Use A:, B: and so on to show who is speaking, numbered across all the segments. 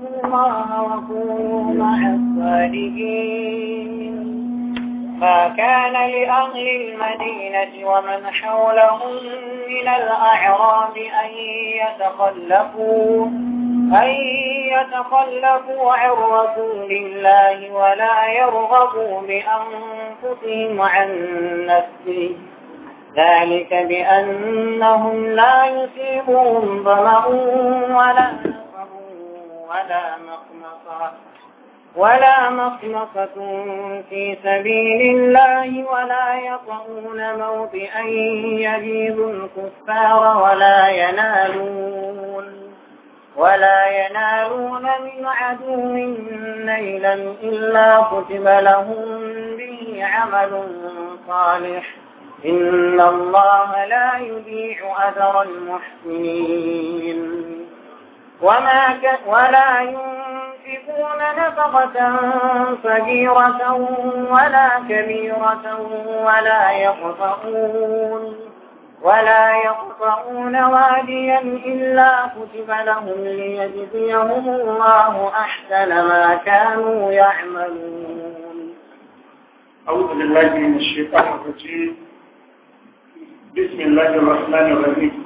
A: واتقوا الله وكونوا مع الصالحين لأهل المدينة ومن حولهم من الأعراب أن يتخلفوا أن يتخلفوا عن رسول الله ولا يرغبوا بأنفسهم عن نفسه ذلك بأنهم لا يصيبهم ظمأ ولا ولا مخمصة ولا مخمصة في سبيل الله ولا يطعون موطئا يجيب الكفار ولا ينالون ولا ينالون من عدو نيلا إلا كتب لهم به عمل صالح إن الله لا يضيع أثر المحسنين وما ك... ولا ينفقون نفقة صغيرة ولا كبيرة ولا يقطعون ولا يقطعون واديا إلا كتب لهم ليجزيهم الله أحسن ما كانوا
B: يعملون أعوذ بالله من الشيطان الرجيم بسم الله الرحمن الرحيم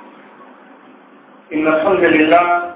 B: إن الحمد لله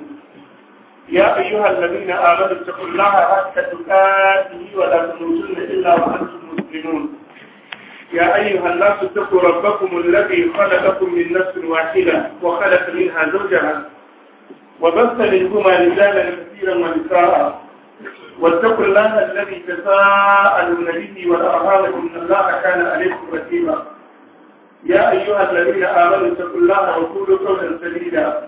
B: يا أيها الذين آمنوا اتقوا الله حتى تقاته ولا تموتن إلا وأنتم مسلمون يا أيها الناس اتقوا ربكم الذي خلقكم من نفس واحدة وخلق منها زوجها وبث منهما رجالا كثيرا ونساء واتقوا الله الذي تساءلون به والأرهاب إن الله كان عليكم رتيبا يا أيها الذين آمنوا اتقوا الله وقولوا قولا سديدا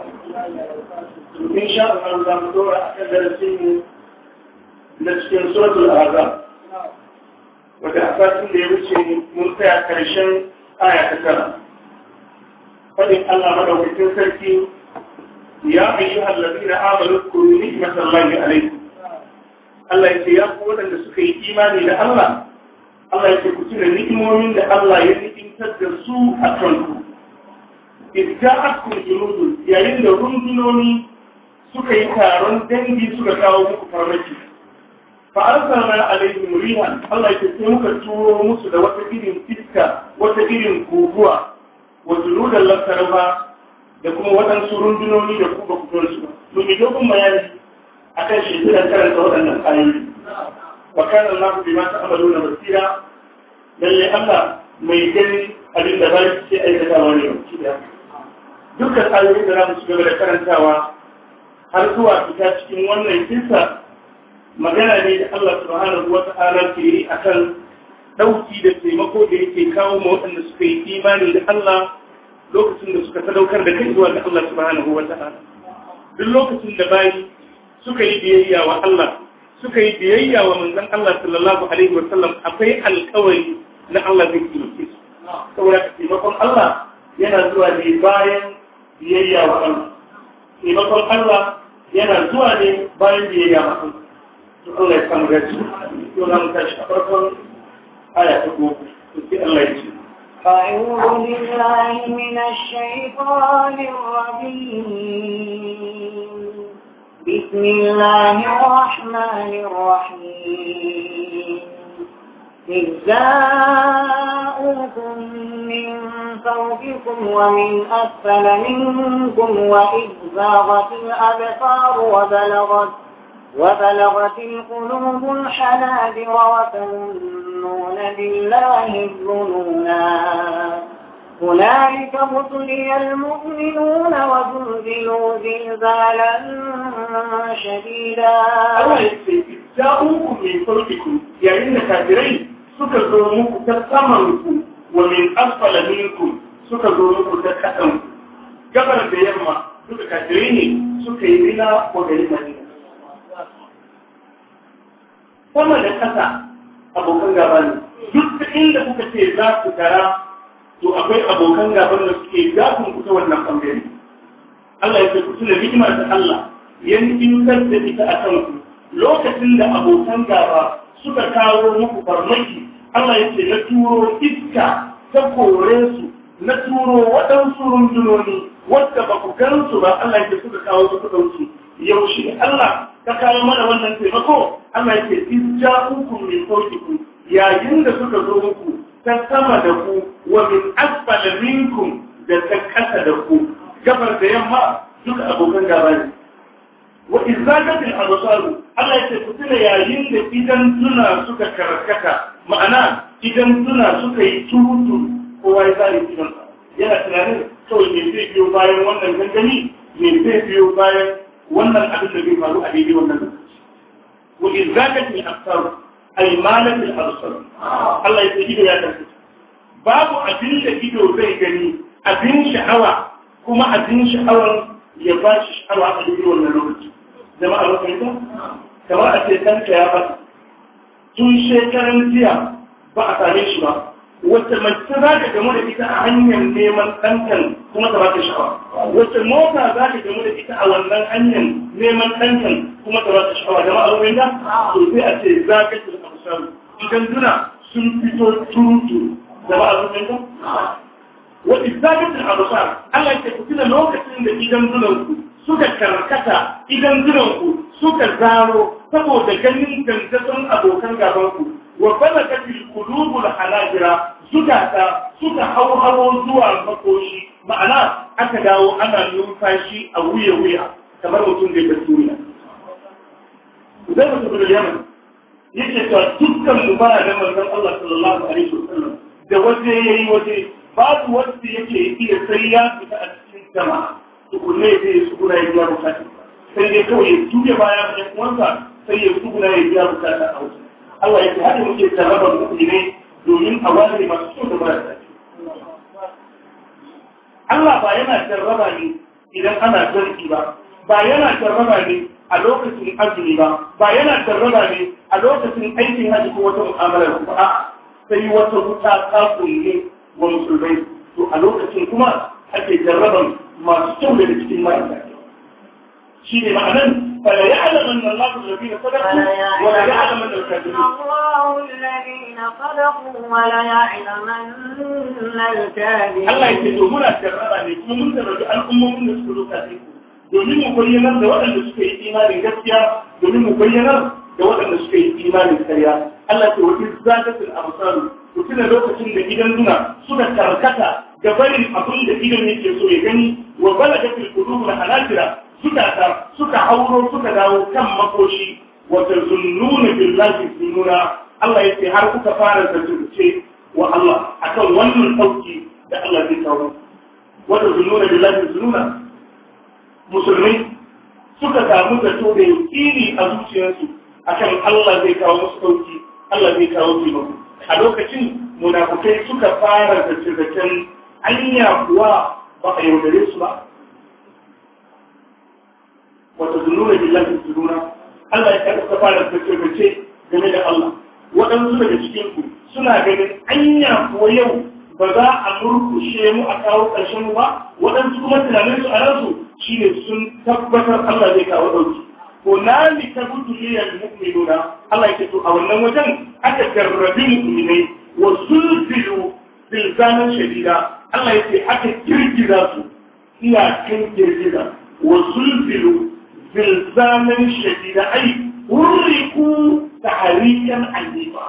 B: in sha Allah za mu dora a kan darasi mu. na cikin suratul azab wata a da ya wuce mun tsaya karshen aya ta tara faɗin Allah madaukakin sarki ya ayyuhal ladina amanu kuru ni'matallahi alaikum Allah ya ce ya ku waɗanda suka yi imani da Allah Allah ya ce ku tuna ni'imomin da Allah ya ni'imtar da su a kanku idja'atkum junudun yayin da rundunoni suka yi taron dangi suka kawo muku farmaki fa arsalna alaihim rihan Allah ya ce muka turo musu da wata irin iska wata irin guguwa wa junudan lakarba da kuma waɗansu rundunoni da kuma kutuwar su mun yi dogon bayani akan shekarar karanta waɗannan ayoyi wa kana Allah bi ma ta'malu na basira lalle Allah mai gani abin da ba shi aikatawa ne da dukkan ayoyin da za mu shiga da karantawa har zuwa fita cikin wannan kisa magana ne da Allah subhanahu wa ta'ala ke yi akan dauki da taimako da yake kawo ma waɗanda suka yi imani da Allah lokacin da suka sadaukar da kai zuwa ga Allah subhanahu wa ta'ala duk lokacin da bayi suka yi biyayya wa Allah suka yi biyayya wa manzon Allah sallallahu alaihi wa sallam akwai alƙawari na Allah zai yi su saboda taimakon Allah yana zuwa ne bayan biyayya wa Allah taimakon Allah yana zuwa ne bayan biyayya wa Allah to Allah ya samu gaci yau za mu tashi farkon aya ta gobe to sai Allah ya ce أعوذ
A: بالله من الشيطان الرجيم بسم الله الرحمن الرحيم إذ من فوقكم ومن أسفل منكم وإذ زاغت الأبصار وبلغت وبلغت القلوب الحناجر وتظنون بالله الظنونا
B: هنالك
A: ابتلي المؤمنون وزلزلوا زلزالا شديدا.
B: الله جاءوكم من فوقكم يعني كافرين suka zo muku ta saman ku wa min asfala suka zo muku ta kasan ku gabar da yamma suka kafire ne suka yi rina ko gari mani sama da kasa abokan gaba ne duk inda kuka ce za ku tara to akwai abokan gaban da suke gafin ku kusa wannan ɓangare Allah ya ce ku tuna ni'imar da Allah ya nufintar da ita a kanku lokacin da abokan gaba suka kawo muku farmaki Allah ya ce na turo iska ta kore su na turo waɗansu rundunoni wadda ba ku gansu ba Allah ya suka kawo su kudansu yaushe Allah ka kawo mana wannan taimako Allah ya ce in ja mai min fawqikum yayin da suka zo muku ta sama da ku wa min asfala minkum da ta kasa da ku gabar da yamma duka abokan gaba ne wa izagatil absaru Allah ya ce ku tuna yayin da idan tuna suka karkata ma'ana idan suna suka yi turutu kowa ya tsari cikinsa yana tunanin kawai me zai biyo bayan wannan gangami me zai biyo bayan wannan abin da zai faru a daidai wannan lokaci za wa izzakat min aktar aymanat al absar Allah ya ce ido ya tafi babu abin da ido zai gani abin sha'awa kuma abin sha'awar ya ba shi sha'awa a daidai wannan lokaci jama'a ba kamar a ce kanka ya fasa tun shekaran jiya ba a same shi ba wacce mace za ka gamu da ita a hanyar neman ɗankan kuma ta ba ta sha'awa wacce mota za ka gamu da ita a wannan hanyar neman ɗankan kuma ta baka sha'awa da ma'aurin da to sai a ce za ka ci da musamman ganduna sun fito tuntu da ma'aurin da wa izzatin al-absar Allah ya tafi da lokacin da idan zunan ku suka karkata idan zunan suka zaro saboda ganin gangasan abokan gaban ku wa balaka fil qulubul halajira suka ta suka hauhawo zuwa makoshi ma'ana aka dawo ana numfashi a wuya wuya kamar mutum da ya tsuriya zai mutum da yaman yake ta, dukkan mu ba da manzon Allah sallallahu alaihi wasallam da waje yayi waje babu wanda yake iya sai ya fita a cikin jama'a tukunne zai su kuna yi ya bukata sai dai kawai ya juya baya ya kuwansa sai ya tsuguna ya biya bukata a wasu Allah ya ce haka muke tarraba mu'mini domin a ware masu kyau da marasa Allah ba yana jarraba ne idan ana zarki ba ba yana jarraba ne a lokacin azumi ba ba yana jarraba ne a lokacin aikin haji ko wata mu'amalar ba sai wata wuta ta kunne wa musulmai to a lokacin kuma ake jarraban masu kyau daga cikin ma'aikata. Shi ne شيء معنى فلا يعلم أن الله الذين صدقوا
A: ولا يعلم أن
B: الكاذبين Allah ya ce to muna أن الكاذبين الله يتدومون الشرابة لكم al'ummomin da suka من السلوك domin mu bayyanar da waɗanda suka yi imanin gaskiya domin mu bayyanar da waɗanda suka yi imanin karya Allah ke wani zagatul amsalu ku tuna lokacin da idan nuna suka karkata ga barin abin da idan yake so ya gani wa balagatul qulubul hanajira suka suka hauro suka dawo kan makoshi wata zunnuna billahi zunnuna Allah yake har kuka fara da zurce wa Allah akan wannan sauki da Allah zai kawo wata zunnuna billahi zunnuna musulmi suka samu da to da yakini a zuciyarsu akan Allah zai kawo musu sauki Allah zai kawo taimako a lokacin munafukai suka fara da zancen anya kuwa ba a yaudare su ba wata da billahi zunura Allah ya karɓi da fice-fice game da Allah waɗansu daga cikin ku suna ganin anya ko yau ba za a murkushe mu a kawo ƙarshen mu ba waɗansu kuma tunanin su a ransu shine sun tabbatar Allah zai kawo ɗauki ko na ni ta gudu liyar mu'minuna Allah ya to a wannan wajen aka jarrabi mu'minai wa zulzilu zilzalan shadida Allah ya ce aka kirgiza su ina kin girgiza wa zulzilu wuri بالزامن شديد أي ورقوا تحريكا عنيفا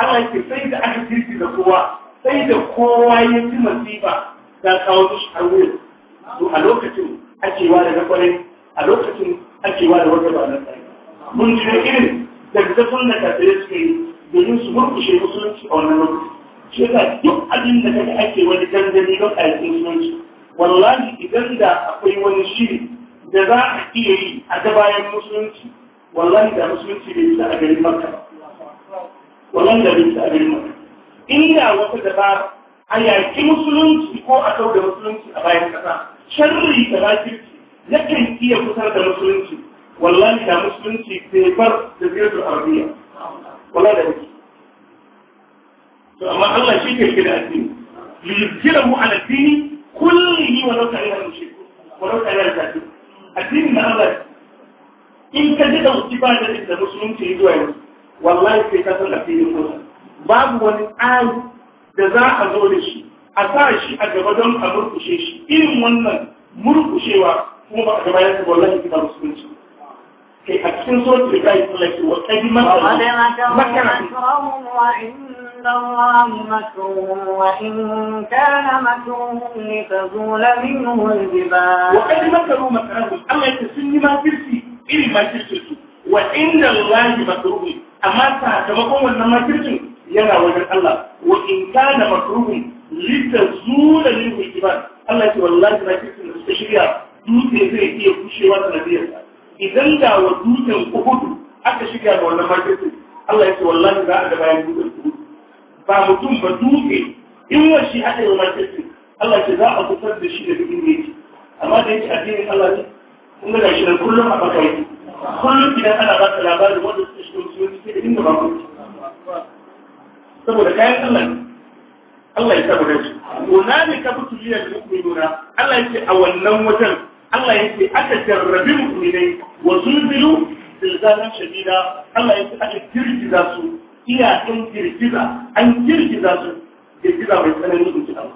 B: أنا kowa, sai da kowa ya ci masifa ta kawo mishi a to a lokacin akewa da na kwarai a lokacin akewa da wata ba na tsari mun ji da irin daggazafin da kafirai suka yi domin su murkushe musulunci a wannan lokaci shi yasa duk abin da kaga ake wani dangane don a yi musulunci wallahi idan da akwai wani shiri da za a iya yi a gabayan musulunci wallahi da musulunci bai isa a garin makka ba wallahi da bai isa a garin In da wata dabara a yaki musulunci ko a kau da musulunci a bayan kasa sharri da na kan iya kusar da musulunci wallahi da musulunci bai bar da ziyartar arabiya wallahi da musulunci to amma Allah shi ke shirya addini liyuzkirahu ala dini kullihi wa law kana al-mushrik wa law kana al-kafir addinin na Allah in ka ji da musiba da da musulunci zuwa yanzu wallahi sai ka san addinin Allah babu wani tsari da za a zo da shi a sa shi a gaba don a murkushe shi irin wannan murkushewa kuma ba a gaba yanzu wallahi ba musulunci kai a cikin sojin da ya yi tsallake wa kai makana makana
A: الله مكره وإن كان مكره لتزول منه الجبال وقد مكروا مكره
B: أما يتسني ما ترسي إلي ما ترسلت وإن الله مكره أما تعتمكم وإن ما ترسل يرى وجد الله وإن كان مكره لتزول منه الجبال Allah ce wallahi na kirkin da suka shirya dutse zai iya kushewa da nabiyarsa. Idan da wa dutsen Uhudu aka shirya da wannan makirkin, Allah ya ce wallahi za a da bayan dutsen ba mutum ba dutse in washi aka yi matarsa Allah ce za a fitar da shi da duk ne amma da yake addinin Allah ne kun gada shi da kullum a bakai kullum idan ana ba ka labarin wanda suka shiga musulunci sai da inda ba ku saboda kayan Allah ne Allah ya saboda su hunalika butuliya da mu'minuna Allah ya ce a wannan wajen Allah ya ce aka jarrabi mu'minai wa zulzilu zilzalan shadida Allah ya ce aka girgiza su iya kan kirkiza an kirkiza su kirkiza mai tsanani in ji Allah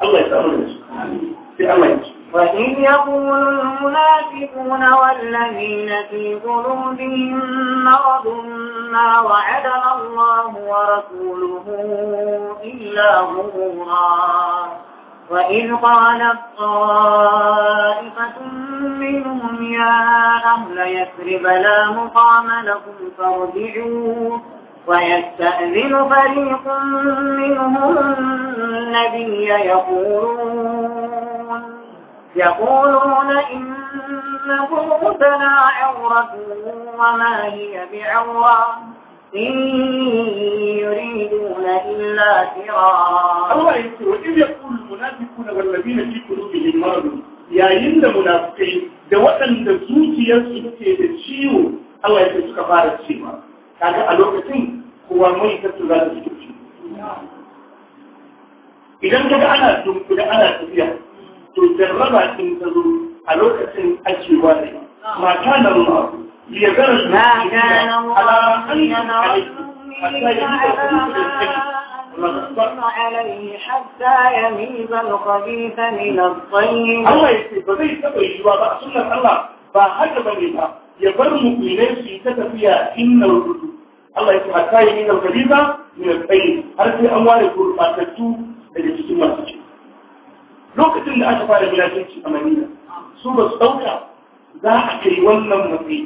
B: Allah ya samu da su sai Allah ya وإن
A: يقول المنافقون والذين في قلوبهم مرض ما وعدنا الله ورسوله إلا غرورا وإذ قالت طائفة منهم يا أهل يثرب لا مقام لكم فارجعوا ويستأذن فريق منهم النبي يقولون يقولون إن بيوتنا عورة وما هي بعورة إن يريدون
B: إلا فرارا الله يقول إذ يقول المنافقون والذين في قلوبهم مرض yayin da munafukai da waɗanda zuciyarsu ke da ciwo Allah ya suka fara cewa kaga a lokacin kowa mashikacin za ta fito idan ka ga ana tunkuri ana tafiya to jarraba in ta zo a lokacin ajewa ne mata na ruwa ya gara su na gano
A: عليه ba يميز
B: الخبيث من الطيب الله يسيب زي سبب يجوا بقى سنة الله فهكذا يبقى يبرم إليه في تتفيا إن الرجوع Allah ya ce hatta yi minal galiza minal tsayi har sai an ware gurbatattu daga cikin masu ci lokacin da aka fara milafinci a Madina su ba su ɗauka za a kai wannan matsayi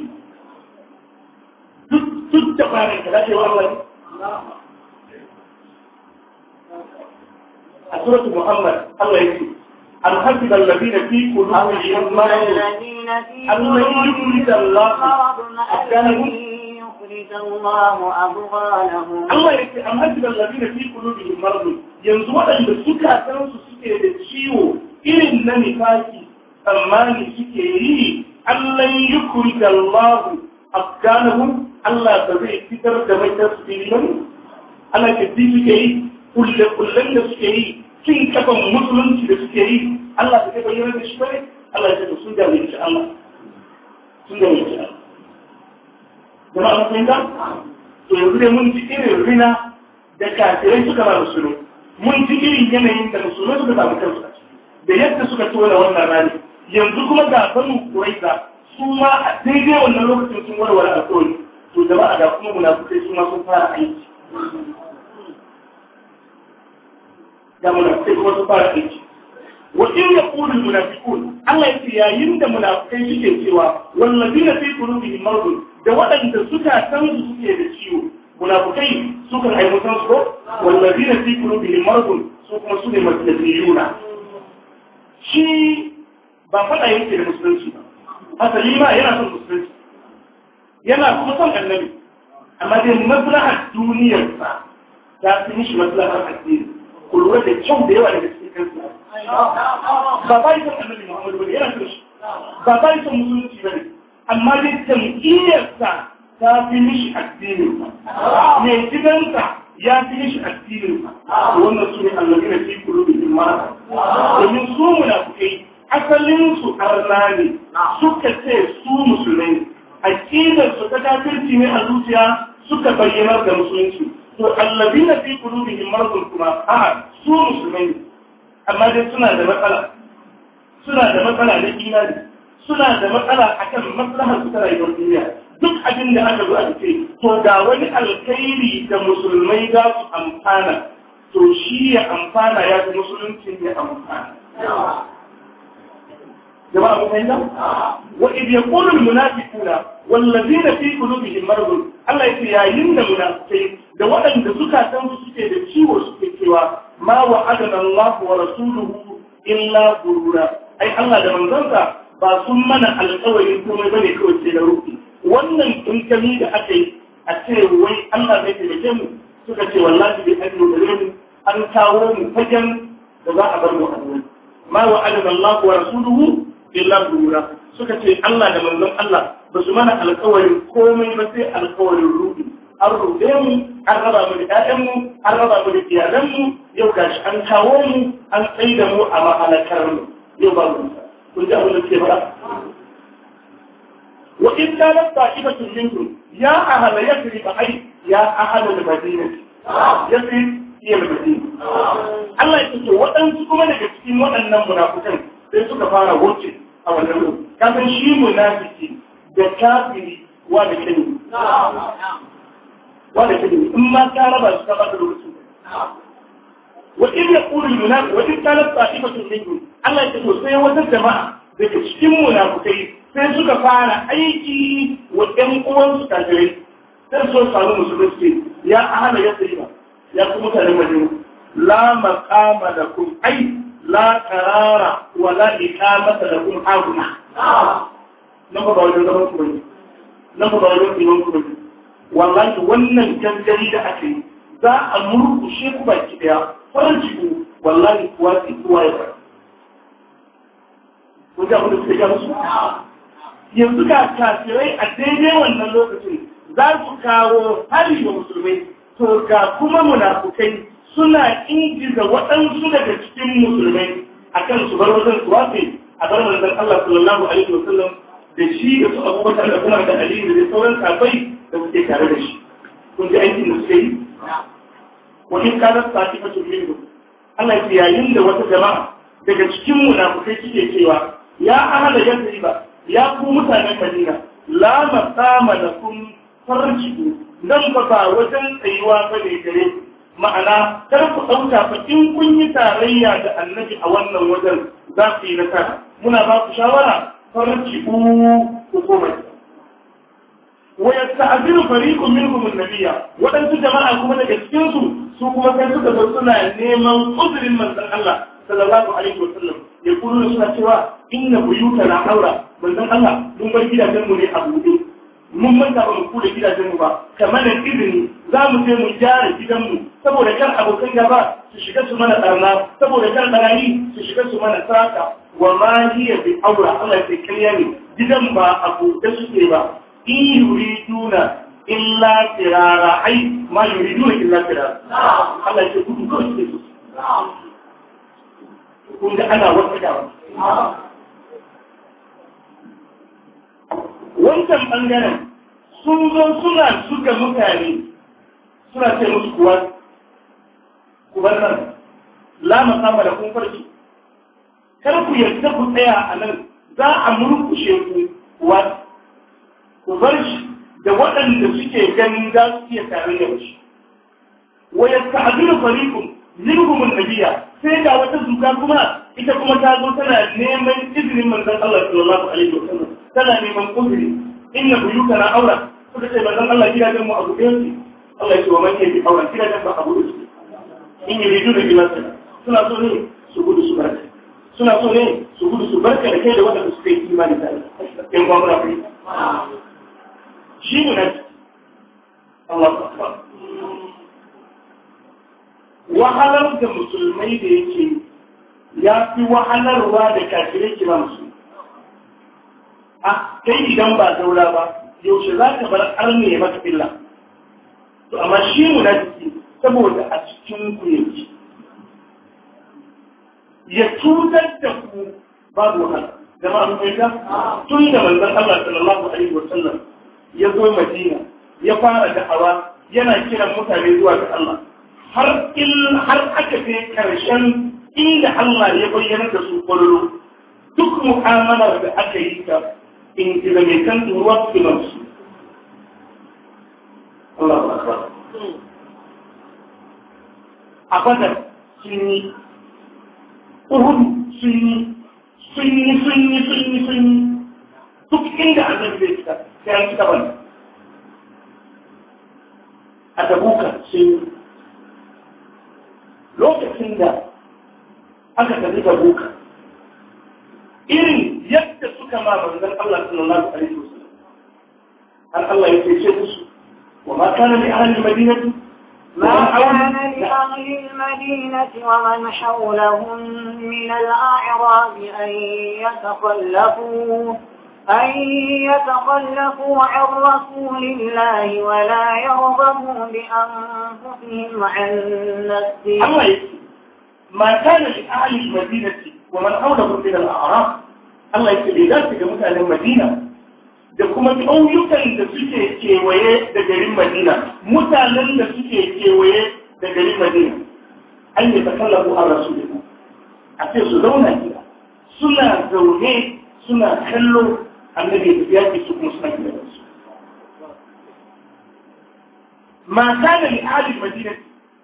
B: duk da fara ka za ka yi wa Allah a suratul Muhammad Allah ya ce أم حسب الذين في قلوبهم مرض أن يفلت الله أكانهم
A: يخرج الله أبغانهم
B: الله يكي أم حسب الذين في قلوبهم مرض ينزوا أن السكة تنسوا tsammani suke yi Allah yi kurga Allah afganahu Allah ba zai fitar da mai tasiri ba ana ke suke yi kulle-kullen da suke yi cin kafan musulunci da suke yi Allah ba zai bayyana da shi ba ne Allah ya ce sun da Allah sun da mai Allah kuma a kun ga to yanzu dai mun ji irin rina da kafirai suka ba musulmi mun ji irin yanayin da musulmai suka samu kansu da yadda suka tona wannan rani yanzu kuma ga banu kuraiza su ma a daidai wannan lokacin sun warware a alƙawari to jama'a da kuma munafukai su ma sun fara aiki da munafukai kuma sun fara aiki wa in yaqulu al-munafiqun Allah ya yace yayin da munafukai suke cewa wallazina fi qulubihim maradun da waɗanda suka san su suke da ciwo munafukai sukan haifu san su ko wallazina fi qulubihim maradun su kuma su ne masu yuna shi ba faɗa yake da musulunci ba asali ma yana son musulunci yana kuma son annabi amma dai maslahar sa ta fi mishi maslahar addini ku lura da kyau da yawa daga cikin kansu ba ba yi son annabi muhammadu ba ne yana son shi ba ba yi son musulunci ba ne amma duk jam'iyyarsa ta fi mishi addininsa mai gidansa ya fi mishi addininsa wannan su ne annabi da fi kulubin mara domin su munafukai asalinsu arna ne suka ce su musulmai a su ta kafirci ne a zuciya suka bayyana da musulunci to allabi na fi kulubin marzun kuma a su musulmai amma dai suna da matsala suna da matsala da imani suna da matsala akan maslahar su ta rayuwar duniya duk abin da aka zo a ce to da wani alkhairi da musulmai za su amfana to shi ya amfana ya fi musulunci ya amfana jama'a mun fahimta wa idh yaqulu almunafiquna wallazina fi qulubihim maradun Allah yace yayin da munafikai da waɗanda zukatan su suke da ciwo suke cewa ma wa'adana Allah wa rasuluhu illa gurura ai Allah da manzansa ba sun mana alkawari komai bane kawai sai da rufi wannan tunkami da aka yi a ce wai Allah zai taimake mu suka ce wallahi bai an da mu an kawo mu fagen da za a bar mu a wurin ma wa alama Allah wa rasuluhu illa gura suka ce Allah da manzon Allah ba su mana alkawari komai ba sai alkawarin rufi an rufe mu an raba mu da ƴaƴanmu an raba mu da iyalanmu yau gashi an kawo mu an da mu a mahalakar mu yau ba mu kun ji abin da suke faɗa wa in ta lasta iba tun ya ahala ya fi riba ai ya ahala da madina ya fi iya madina Allah ya ce waɗansu kuma daga cikin waɗannan munafukan sai suka fara wuce a wannan lokaci kafin shi munafiki da kafiri wa da kini wa da kini in ma ta raba su ta ba da lokacin وإذ يقول المنافق وإذ كانت طائفة منهم الله يقول سيا وتجمع daga cikin munafukai sai suka fara aiki wa ɗan uwansu kafirai sai so samu musulunci ya ahana ya tsaye ya kuma mutane majinu la maqama lakum ai la qarara wa la iqamata lakum hauna nan ba wajen zaman ku bane nan wajen zaman ku bane wallahi wannan kankari da ake za a murkushe ku baki daya farin ciki wallahi kuwa ke kuwa ya bari kun ja kudu sai gamsu yanzu ga kafirai a daidai wannan lokacin za su kawo hari da musulmai to ga kuma munafukai suna ingiza waɗansu daga cikin musulmai akan su bar wajen su wafe a bar wajen Allah sallallahu alaihi wasallam da shi da su abubakar da kuma da aliyu da sauran sabai da suke tare da shi kun ji aikin da suke yi wani kanar sati sa'ifatu minhu Allah Ana yayin da wata jama'a daga cikin munafukai suke cewa ya yanzu riba ya ku mutanen Madina la masama lakum farjidu nan ba ba wajen tsayuwa ba ne gare ma'ana kar ku ɗauka fa in kun yi tarayya da annabi a wannan wajen za su yi nasara muna ba ku shawara farci ku ku komai wa yasta'zilu fariqun minhum an-nabiyya wadansu jama'a kuma daga cikin su su kuma sai suka zo suna neman uzurin manzon Allah sallallahu alaihi wasallam ya kullu suna cewa inna buyutana aura manzon Allah mun bar gidajenmu ne a buɗe mun manta ba mu kula gidajen mu ba kamar da izini za mu je mu gyara gidanmu. mu saboda kar abokan gaba su shiga su mana tsarna saboda kar barani su shiga su mana saka wa ma hiya bi aura Allah sai kariya gidan ba a buɗe suke ba in yuriduna illa tirara ai ma yuriduna illa tirara Allah ya ce gudu kawai suke kun ana wasu da wancan bangaren sun zo suna suka mutane suna ce musu kuwa ku nan la masama da kun farki kar ku yarda ku tsaya a nan za a murkushe ku kuwa ku bar shi da waɗanda suke ganin za su iya tare da shi Waya yasta'dinu fariqun minhum an-nabiyya sai ga wata zuka kuma ita kuma ta zo tana neman izinin manzon Allah sallallahu alaihi wasallam tana neman kuzuri inna buyuka na aura suka ce manzon Allah kira dan mu abu ɗayan Allah ya ce wa man yake aura kira dan ba abu ɗayan in yi ridu da sana, suna so ne su gudu su barka suna so ne su gudu su barka da kai da wanda suke yi imani tare in ba mu na shi Allah ta akbar wahalar da musulmai da yake ya fi wahalarwa da kafirai kiran su a kai idan ba zaura ba yaushe za ka bar arne ya maka illa to amma shi munafiki saboda a cikin ku yake ya cutar da ku babu wahala jama'a yi fahimta tun da manzan Allah sallallahu alaihi wa sallam ya zo madina ya fara da'awa yana kiran mutane zuwa ga Allah har har aka kai karshen inda Allah ya bayyana da su kullu duk mu'amalar da aka yi ta in kan ruwa su Allah ba ka a badar sun yi uhud sun yi sun yi sun yi sun yi sun yi duk inda annabi zai fita sai an fita bane a tabuka sai lokacin da aka tafi tabuka irin yadda suka ma manzon Allah sallallahu alaihi wasallam har Allah ya ce musu wa ma kana li ahli madinati وكان
A: لأهل المدينة ومن حولهم من الأعراب أن يتخلفوا أن يتخلفوا عن رسول الله ولا يرغبوا بأنفسهم عن نفسه
B: ما كان لأهل المدينة ومن حولهم من الأعراب Allah ya ce za su ga mutanen da kuma ƙauyukan da suke kewaye da garin Madina mutanen da suke kewaye da garin Madina an yi takallafu a rasulina a ce su zauna gida suna zaune suna kallo الذي يتبعه سكون سنين ما كان لآل المدينة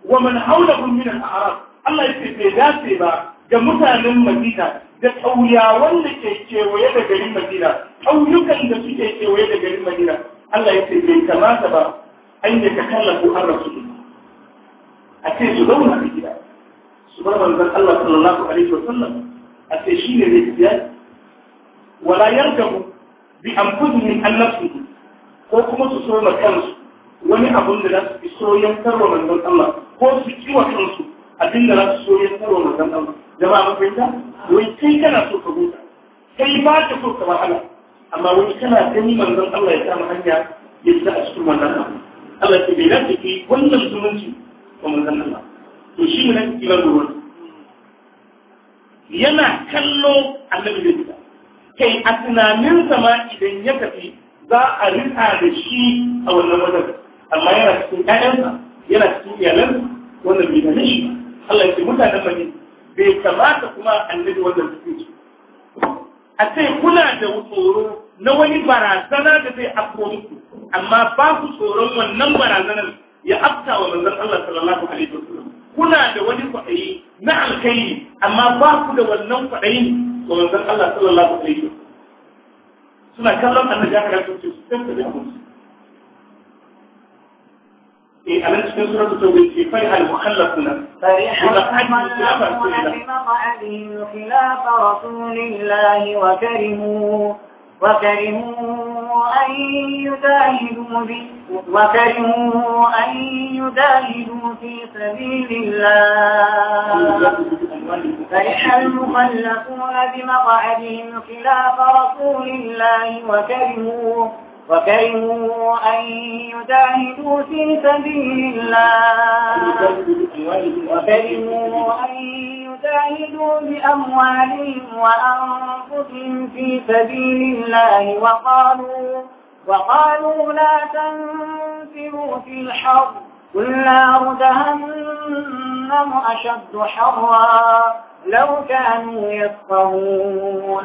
B: ومن حولهم من الأعراض الله يتبعه سبا جمتا من المدينة جت أولياء ولك ويدا جريم مدينة أو يكا لك ويدا جريم مدينة الله يتبعه كما سبا أن يتخلق الرسول أتي سدونا بكذا سبحان الله صلى الله عليه وسلم أتي شيء ولا يرجعون bi anfusihim an nafsihi ko kuma su so kansu wani abun da za su fi soyan tarwa manzon Allah ko su kiwa kansu abin da za su soyan tarwa manzon Allah ba mun fahimta wai kai kana so ka huta kai ba ka so ka wahala amma wani kana gani manzon Allah ya samu hanya ya a cikin wannan abu Allah ya bai lafi ke wannan zumunci wa manzon Allah to shi ne kila ruwan yana kallo annabi da kai a tunanin zama idan ya tafi za a rika da shi a wannan wajen amma yana cikin ƴaƴansa yana cikin iyalansa wannan bai gane shi Allah ya ce mutanen bane bai kamata kuma annabi wannan suke ci a ce kuna da tsoro na wani barazana da zai afko muku amma ba ku tsoron wannan barazanar ya afta wa manzon Allah sallallahu alaihi wasallam kuna da wani kwaɗayi na alkhairi amma ba ku da wannan kwaɗayin tsoron Allah sallallahu alaihi suna kallon annabi aka rasu su tsanta da musu eh anan cikin suratul tawbi ce fa al mukhallafuna tariha wa
A: khilafa rasulillahi wa karimu wa karimu وكرهوا أن يداهدوا في سبيل الله فرح المخلفون بمقعدهم خلاف رسول الله وكرهوا وكرهوا أن يجاهدوا في سبيل الله
B: وكرهوا
A: أن يجاهدوا بأموالهم وأنفسهم في سبيل الله وقالوا وقالوا لا تنفروا في الحر قل نار جهنم أشد حرا لو كانوا يفقهون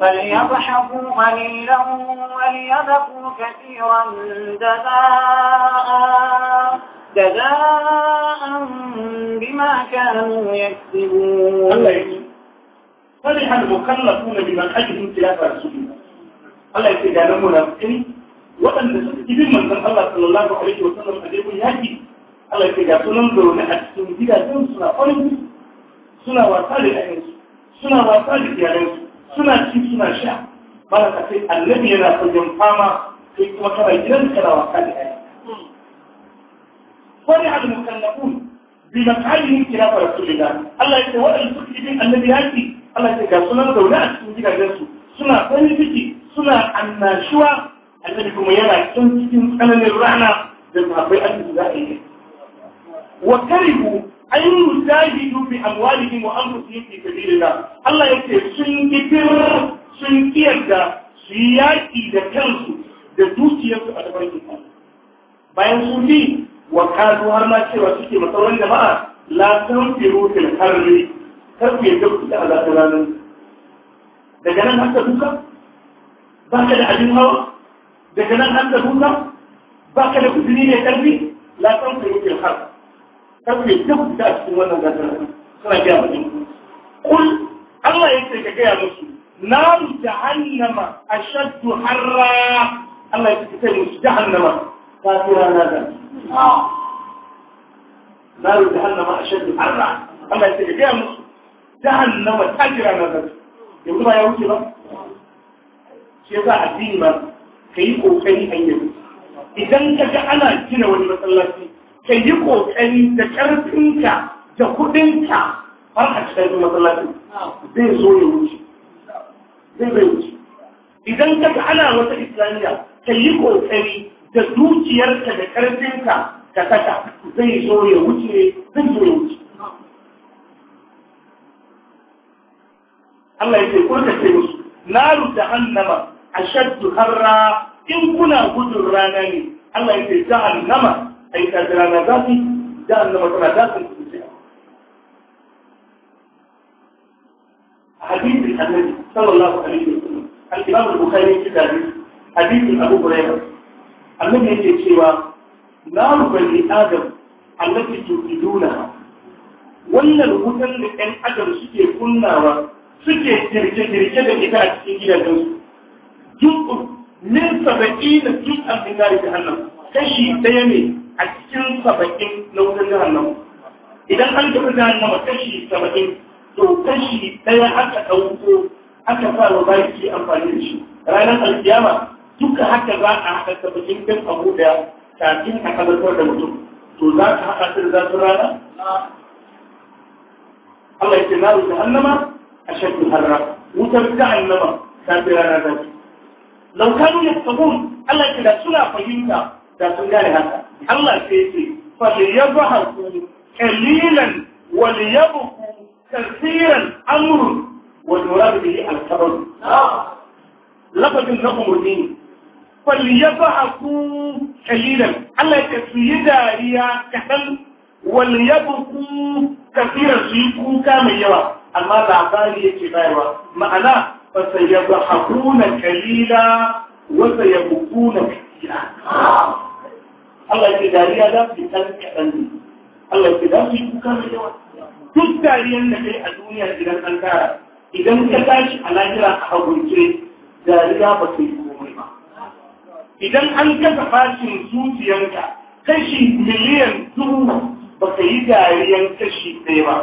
A: فليضحكوا قليلا وليبقوا كثيرا جزاء جزاء بما كانوا
C: يكسبون
B: فرح المكلفون بمنهجهم خلاف رسول الله الله يتجاهل المنافقين waɗanda suka ji bin manzon Allah sallallahu alaihi wa sallam a dai yaki Allah ya ga sunan zaune a cikin gidajen suna farin suna wasa da ƴaƴansu suna wasa da iyalansu suna ci suna sha bana ka sai annabi yana fagen fama kai kuma kana gidan kana wasa da ƴaƴanka wani al mukallafun bi makalihim ila rasulillah Allah ya ce waɗanda suke bin annabi yaki Allah ya ce ga sunan zaune a cikin gidajensu suna farin ciki suna annashuwa annabi kuma yana can cikin tsananin rana da sahabbai an za a yi wa karihu ay mujahidu dubi amwalihim wa anfusihim fi sabilillah Allah yake sun kifir sun kiyarda su yi yaƙi da kansu da dukiyarsu a dabarkin Allah bayan sun bi wa kazu har ma cewa suke masauran jama'a la tanfiru fil harri kar ku yadda ku da azabin ranar daga nan haka duka ba ka da abin hawa daga nan haka duka ba ka da kudini ne karfi la tanfiru fil harri نعم، نعم، قل الله يكتك يا مسلم نار جهنم أشد حرا الله يكتك يا مسلم جهنم كافرا نادا نار جهنم أشد حرا الله يكتك يا مسلم جهنم تاجرا نادا يقول ما يوجد شيطاء الدين ما كيف أخيني أن يبس إذا انتك أنا جنة والمسلسين ka yi ƙoƙari da ƙarfinka da kuɗinka har a cikin masallacin zai zo ya wuce zai zai wuce idan ka ana wata islamiyya ka yi ƙoƙari da dukiyarka da ƙarfinka ka saka zai zo ya wuce zai zo ya wuce Allah ya ce ko ta ce musu naru jahannama har harra in kuna gudun rana ne Allah ya ce jahannama ai ta na zafi da annaba tana zafin zuciya hadisin annabi sallallahu alaihi wasallam al-imam al-bukhari kitabi hadisin abu hurairah annabi yake cewa na rubani adam allati tujiduna wannan wutan da ɗan adam suke kunnawa suke kirke-kirke da ita a cikin gidajensu jutsu min saba'i da jutsan bin nari da hannun kashi ɗaya ne a cikin saba'in na wutar nan idan an tafi nan kashi saba'in to kashi ɗaya aka ɗauko aka sa wa baki amfani da shi ranar alkiyama duka haka za a haɗa saba'in ɗin abu da kafin a kabatar da mutum to za ka haɗa su da su rana Allah ya ce na wuce annama a shakkin harra wutar jahannama ta fi rana zafi laukanu ya sabon Allah ya ce da suna fahimta da sun gane haka Allah sai ce falyadhaku qalilan waliyabku kasiran amrun wa yurad bihi al-sabr lafazin na umurni ne falyadhaku qalilan Allah ya ce su yi dariya kaɗan Wani waliyabku kasiran su yi kuka mai yawa amma labari yake bayarwa ma'ana na fasayadhakuna qalila wa na kathira Allah ke dariya za su yi ɗan kaɗan ne Allah ke za su yi kuka mai yawa duk dariyar da kai a duniya idan an tara idan ka tashi a lahira a hagunce dariya ba su yi komai ba idan an kasa fashin zuciyanka kashi miliyan dubu ba ka yi dariyar kashi ɗaya ba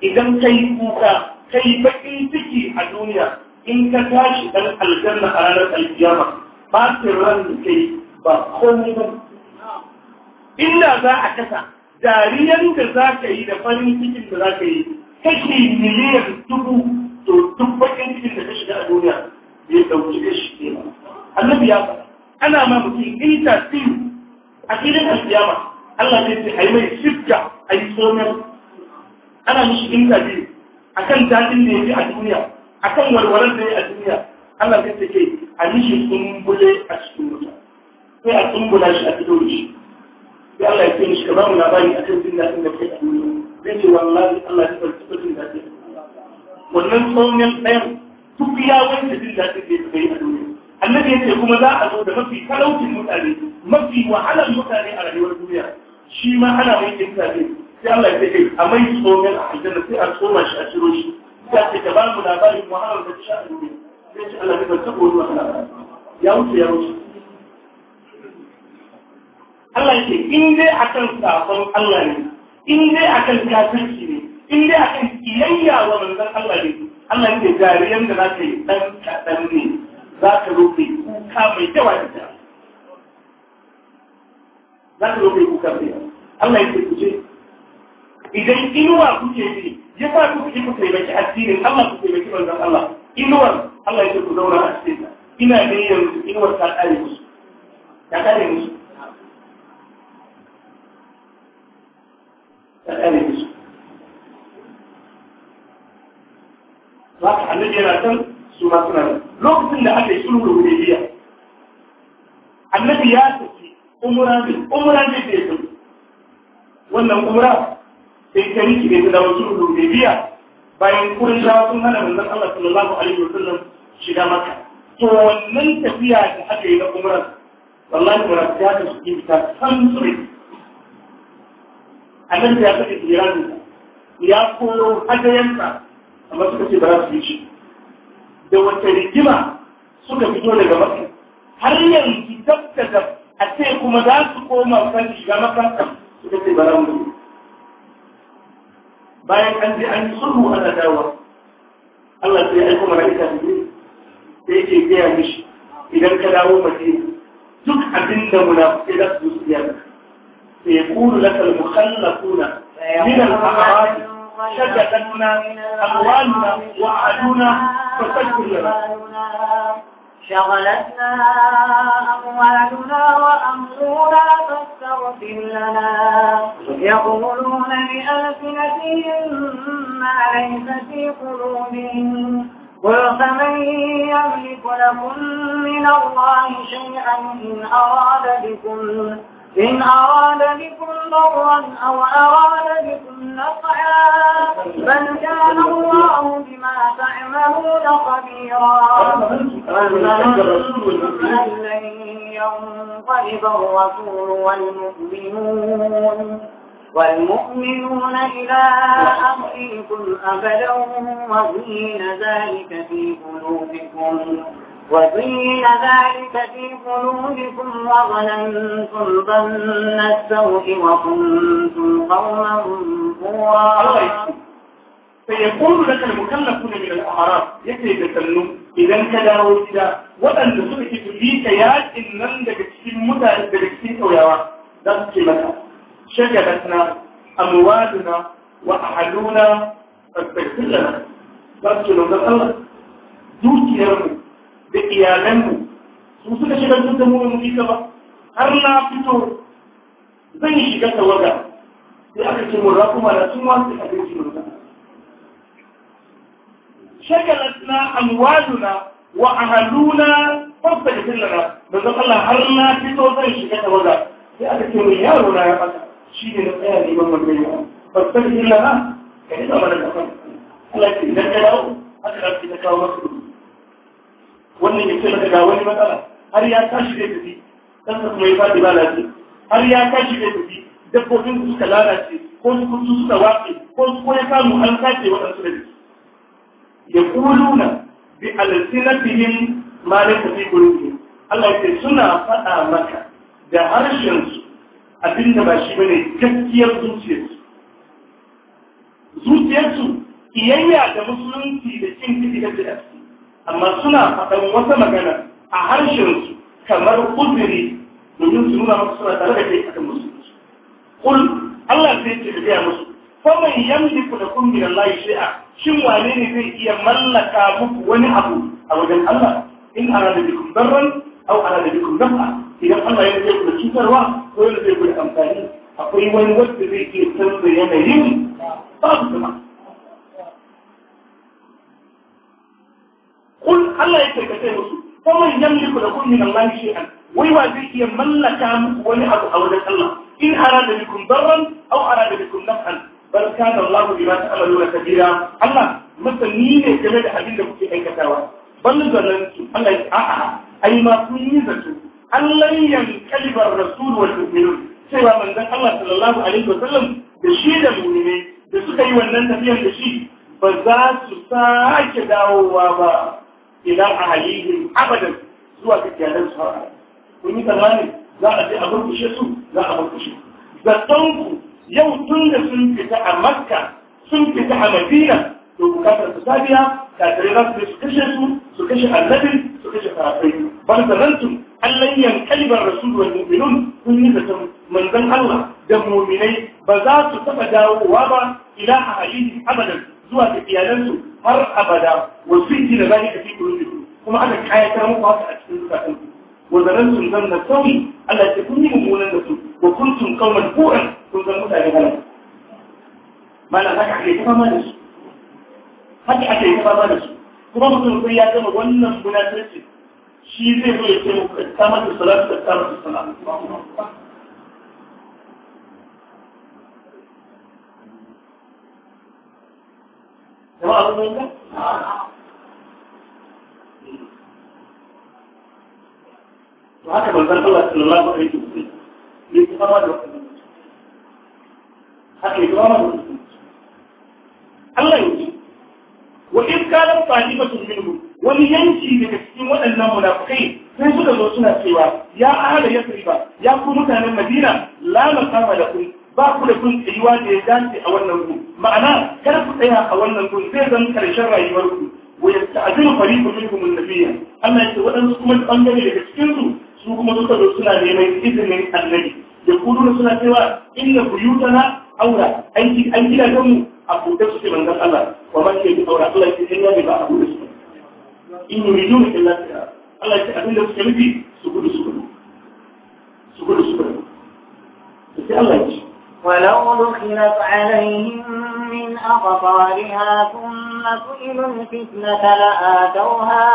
B: idan ka yi kuka ka yi baƙin ciki a duniya in ka tashi ɗan aljanna a ranar alkiyama ba ta ran da kai ba komai ba inda za a kasa dariyar da za ka yi da farin cikin da za ka yi kashi miliyan dubu to duk bakin cikin da ka shiga a duniya ya dauki da shi ne annabi ya fara. ana ma mutum interview a cikin alkiyama Allah ya ce ai mai shifka ai sonar ana mishi interview akan dadin da yake a duniya akan walwalar da yake a duniya Allah ya ce a mishi kumbule a cikin wuta sai a kumbula shi a fito shi ya Allah ya ce mishi ka ba mu labari a kan sunna din da ke a duniya zai ce wallahi Allah ya tsarki sunna da ke wannan tsohon ɗayan duk ya wanke wanda jin daɗin da ya yi a duniya annabi ya ce kuma za a zo da mafi talaucin mutane mafi wahalar mutane a rayuwar duniya shi ma ana mai yin mutane sai Allah ya ce eh, a mai tsohon a aljanna sai a tsoma shi a ciro shi ya ce ka ba mu labarin wahalar da ta sha a duniya sai ce Allah ya ce ba ta ya wuce ya wuce Allah ce in dai akan sabon Allah ne in dai akan kafirci ne in dai akan kiyayya wa manzan Allah ne Allah ne jariyan da za ka yi ɗan kaɗan ne za ka rufe kuka mai yawa da ta za ka rufe kuka mai yawa Allah ya ce ku ce idan inuwa kuke bi ya sa ku ki ku taimaki addinin Allah ku taimaki manzan Allah inuwar Allah ya ce ku zauna a cikin ina ne yanzu inuwar ta ƙare musu ta ƙare musu a tsare su za ka annabi yana can su ma nan lokacin da aka yi sulhu hudaybiya annabi ya tafi umra ne umra ne da ya wannan umra sai ta riki da ta dawo sulhu hudaybiya bayan kurin dawa sun hana manzon Allah sallallahu alaihi wasallam shiga maka to wannan tafiya da aka yi na umra wallahi mura ta ta su ta san da ya kashe iyalin ya koro hadayensa amma suka ce ba za su yi shi da wata rigima suka fito daga maka har yanzu da tabbata a ce kuma za su koma kan shiga makaranta suka ce ba za mu bayan an je an yi sulhu ana dawowa Allah sai ya aiko mala'ika da ne sai yake gaya mishi idan ka dawo madina duk abin da munafukai za su zo su biya يقول لك المخلفون من الأعراب شجدتنا أموالنا وعدونا فاستغفر لنا شغلتنا
C: أموالنا وأمرنا
A: فاستغفر لنا يقولون بألسنتهم ما ليس في قلوبهم قل فمن يملك لكم من الله شيئا إن أراد بكم إن أراد بكم ضرا أو أراد بكم نفعا بل كان الله بما تعملون خبيرا لن ينقلب الرسول والمؤمنون والمؤمنون إلى أمركم أبدا وزين ذلك في قلوبكم وزين ذلك في قلوبكم وظننتم ظن السوء وكنتم قوما بورا
B: فيقول لك المكلف من الاعراب يكفي تسلم إذا كذا وكذا وأن تصبح تدريك يا إن لم تكتشين مدى الدركسين أو يوا ذلك مدى شجبتنا أموالنا وأحلونا فاستغفر لنا ذلك لو ذلك دوتي رب iyalanmu su suka shiga da mu mu fita ba har na fito zan yi shiga tawaga sai aka ce mu kuma da sun wasu a cikin mu shagalatna amwaluna wa ahaluna fasta da tillana da zan Allah har na fito zan shiga tawaga sai aka ce mu yaro na ya fata shi ne na tsaya neman magana fasta da tillana ka yi zama da kafan Allah ke idan ka dawo aka rafi ta kawo masu wannan ya ce maka ga wani matsala har ya tashi zai tafi ɗansa kuma ya faɗi ba lafiya har ya tashi zai tafi dabbobin su ka lalace ko su kuntu su wafe ko su ko ya samu an sace waɗansu da jiki ya kuluna bi alsinatihim ma la tafi qulubihim Allah ya suna faɗa maka da harshen su abinda ba shi bane gaskiyar zuciyarsu zuciyarsu iyayya da musulunci da cin kiti da amma suna faɗan wata magana a harshensu kamar uzuri domin su nuna masu suna tare da kai akan musulunci kul Allah sai ce da gaya musu mai man ku da min Allah shay'a shin wane ne zai iya mallaka muku wani abu a wajen Allah in ana da arada bikum Au ana da bikum naf'a idan Allah ya zai kula cutarwa ko yana zai kula amfani akwai wani wanda zai iya canza yanayin babu zama. kun Allah ya karkace musu ko man yamliku lakum min Allah shay'an wai wa zai iya mallaka muku wani abu a wajen Allah in arada bikum darran aw arada bikum naf'an bal kana Allah bima ta'maluna kabira Allah masani ne game da abin da kuke aikatawa bal zanantu Allah ya a'a ai ma kun yi zato Allah ya kalibar rasul wal mu'minun ba manzon Allah sallallahu alaihi wasallam da shi da mu'mini da suka yi wannan tafiyar da shi ba za su sake dawowa ba ila ahalihim abadan zuwa ga iyalan su har kun yi tsammani za a je a burkushe su za a burkushe zaton ku yau tun da sun fita a makka sun fita a madina to bukatar su sabiya kafirai za su su kashe su su kashe annabin su kashe karafai bal Allah allan yankalibar rasul wal mu'minun kun yi zaton manzon Allah da mu'minai ba za su taba dawowa ba ila ahalihim abadan zuwa ga iyalansu har abada wasu yi da zai kafin fi kulubi kuma ana kayatar muku haka a cikin zukatan ku wa zanantum zan na sauri Allah ce kun yi mummunan da su wa kuntum kauman kuran kun zan mutane halaka mana haka ake ta fama da su haka ake ta fama da su kuma mutum sai ya gama wannan munafirci shi zai zo ya ce muku ka da salatu da samar da salatu jama'a kun fahimta to haka Allah da haka ne ma Allah wani yanki daga cikin waɗannan munafukai sai suka zo suna cewa ya ahla yasriba ya ku mutanen Madina la da lakum ba ku da kun tsiriwa da ya dace a wannan gun ma'ana kar ku tsaya a wannan gun zai zan karshen rayuwarku wa yasta'dinu fariqun minkum an-nabiyya Allah ya ce waɗansu kuma bangare daga cikin su su kuma suka zo suna neman izinin annabi Da kudu suna cewa inna buyutana aura an an gida kanmu a buɗe su ce bangar Allah wa ma ke aura Allah ya ce in ya ba a buɗe su in yuridun illa Allah ya ce abin da suke nufi su gudu su gudu su gudu su gudu sai Allah ya ce ولو
A: دخلت عليهم من أقطارها ثم سئلوا الفتنة لآتوها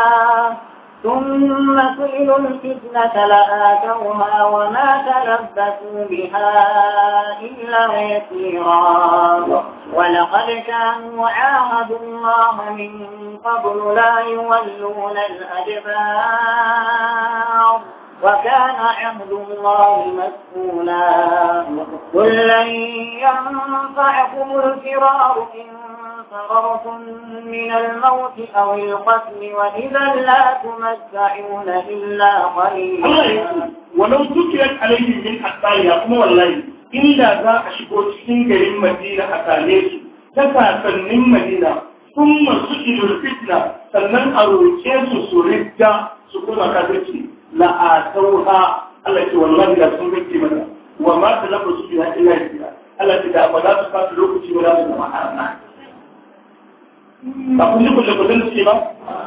A: ثم سئلوا الفتنة لآتوها وما تلبثوا بها إلا يسيرا ولقد كانوا عاهدوا الله من قبل لا يولون الأدبار وكان عهد الله مسؤولا قل لن ينفعكم الفرار إن فررتم من الموت أو القتل وإذا لا تمتعون إلا قليلا
B: ولو تكلت عليه من أتباعها قم والله إلا ذا أشكر سنجر المدينة أتاليه تتاسن المدينة ثم سئلوا الفتنة سنن أروجين سرد سكون كذلك la a tauha Allah ce wallahi da sun rike mata wa ma ta lafa su biya ila jiya Allah ce da ba za su fata lokaci ba za su ba kun yi kuce kuce su ce ba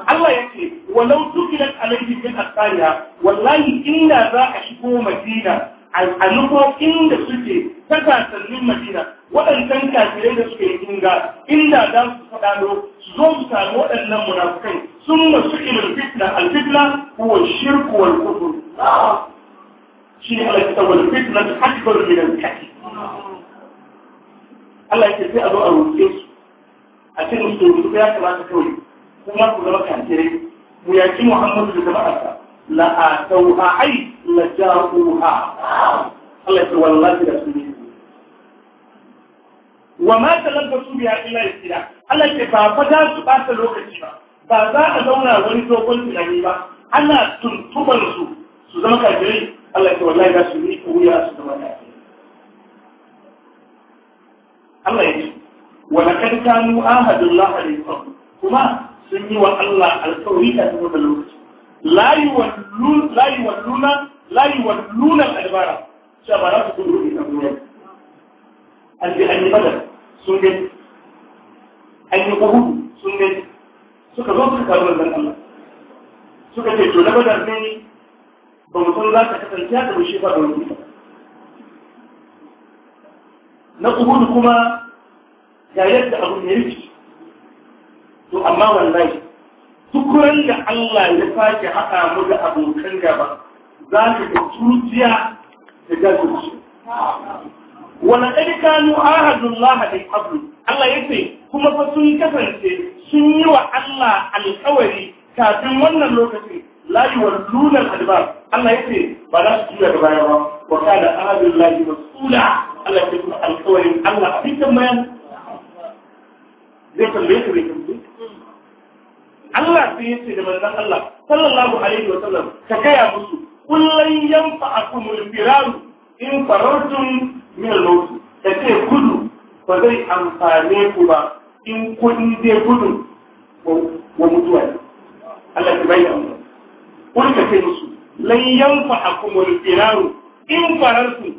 B: Allah ya ce walau tukilat alaihi bin asariya wallahi inda za a shigo madina a nufofin da suke ta kasannin madina waɗancan kafirai da suke hinga inda za su faɗaɗo su zo su sami waɗannan munafukai sun masu ilil fitna alfitna kuwa shirku wal kufur shi ne ala kita wal fitna ta akbar min kaki? Allah ya sai a zo a roƙe su a ce musu yanzu ya kamata kawai kuma ku zama kafirai mu yaki Muhammadu da jama'arsa la'a tauha ai la jaquha Allah ce wallahi da su ne wa ma talabbasu biya illa istira Allah ba fa za su lokaci ba ba za a zauna wani dogon tunani ba ana tuntuban su su zama kafirai Allah ce wallahi da su ne ku ya su zama Allah ya ce wa laqad kanu ahadullah kuma sun yi wa Allah alƙawari a cikin lokaci la yuwalluna layi wa albara cewa ba za su gudu ne a duniya an sun gani an yi sun gani suka zo suka karu manzon Allah suka ce to na badar ne san za ta kasance shi na kuma yadda ya rike to amma duk da Allah ya sake haɗa mu da abokan gaba za ka ga zuciya da gazuci wala ɗari kanu ahadun lahadin abu Allah ya ce kuma fa sun kasance sun yi wa Allah alkawari kafin wannan lokacin la yi wa lunar albar Allah ya ce ba za su juya da baya ba wa kada ahadun lahi masula Allah ya ce kuma alkawarin Allah a fitan mayan zai tambaye su bai tambaye Allah sai ya ce da manzon Allah sallallahu alaihi wa sallam ka kaya musu kullum yanfa akumul firaru in farautun min al da ce gudu ba zai amfane ku ba in kun je gudu wa mutuwa Allah ki bayyana mu kun ka ce musu lan yanfa akumul firaru in farautun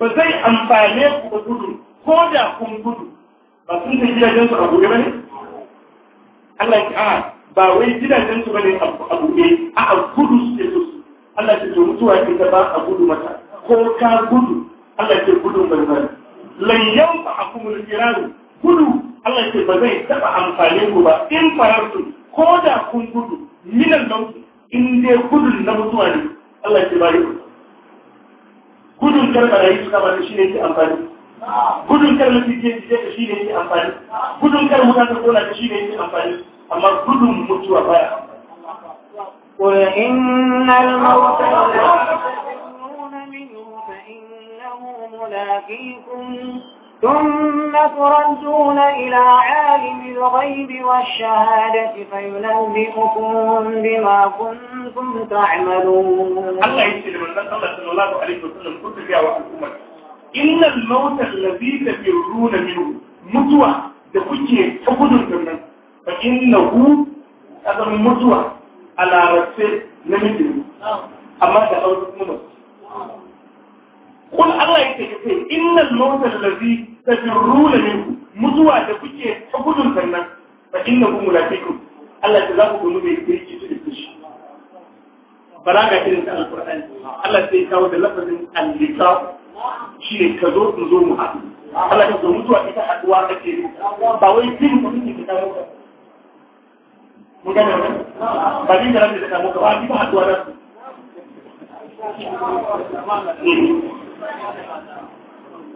B: ba zai amfane ku ba gudu ko da kun gudu ba sun ta gidajen su a gobe ba ne Allah ya a ba wai gidajen su bane a gobe a gudu su ke su Allah ce mutuwa ke ta ba a gudu mata ko ka gudu Allah ce gudu bai bari lan yanfa akumul kiraru gudu Allah ce ba zai taba amfani ku ba in farartu ko da kun gudu minan nan in dai gudun na mutuwa ne Allah ce ba yi gudun karbara yi suka ba shi ne ke amfani gudun kar mafi je je da shi ne ke amfani gudun kar wuta ta kona shi ne ke amfani amma gudun mutuwa baya amfani قل إن الموت الذي
A: منه فإنه ملاقيكم ثم تردون إلى عالم الغيب والشهادة فينبئكم بما كنتم تعملون
B: الله يسلم الله صلى الله عليه وسلم قلت يا وحكمك إن الموت الذي تفرون منه متوى da kuke ta gudun nan a larabce namiji ne amma da aure kuma mace kun Allah ya ce ce innal mawta allazi tajruna minhu mutuwa da kuke ta gudun sannan Ba fa innahu mulaqikum Allah ya za ku gudu mai kirki su da shi balaga irin ta alqur'ani Allah sai ya kawo da lafazin al-liqa shine ka zo in zo mu haɗu Allah ya zo mutuwa ita haɗuwa kake ba wai jin mutum ke ta mutuwa mun gane wannan ba din